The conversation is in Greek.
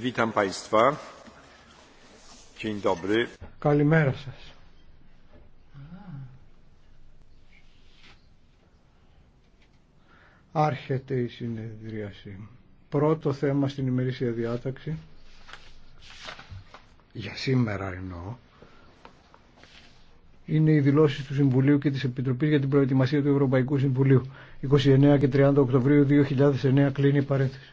Witam Państwa. Dzień dobry. Καλημέρα σας. Άρχεται η συνεδρίαση. Πρώτο θέμα στην ημερήσια διάταξη, για σήμερα εννοώ, είναι οι δηλώσει του Συμβουλίου και τη Επιτροπή για την Προετοιμασία του Ευρωπαϊκού Συμβουλίου. 29 και 30 Οκτωβρίου 2009 κλείνει η παρένθεση.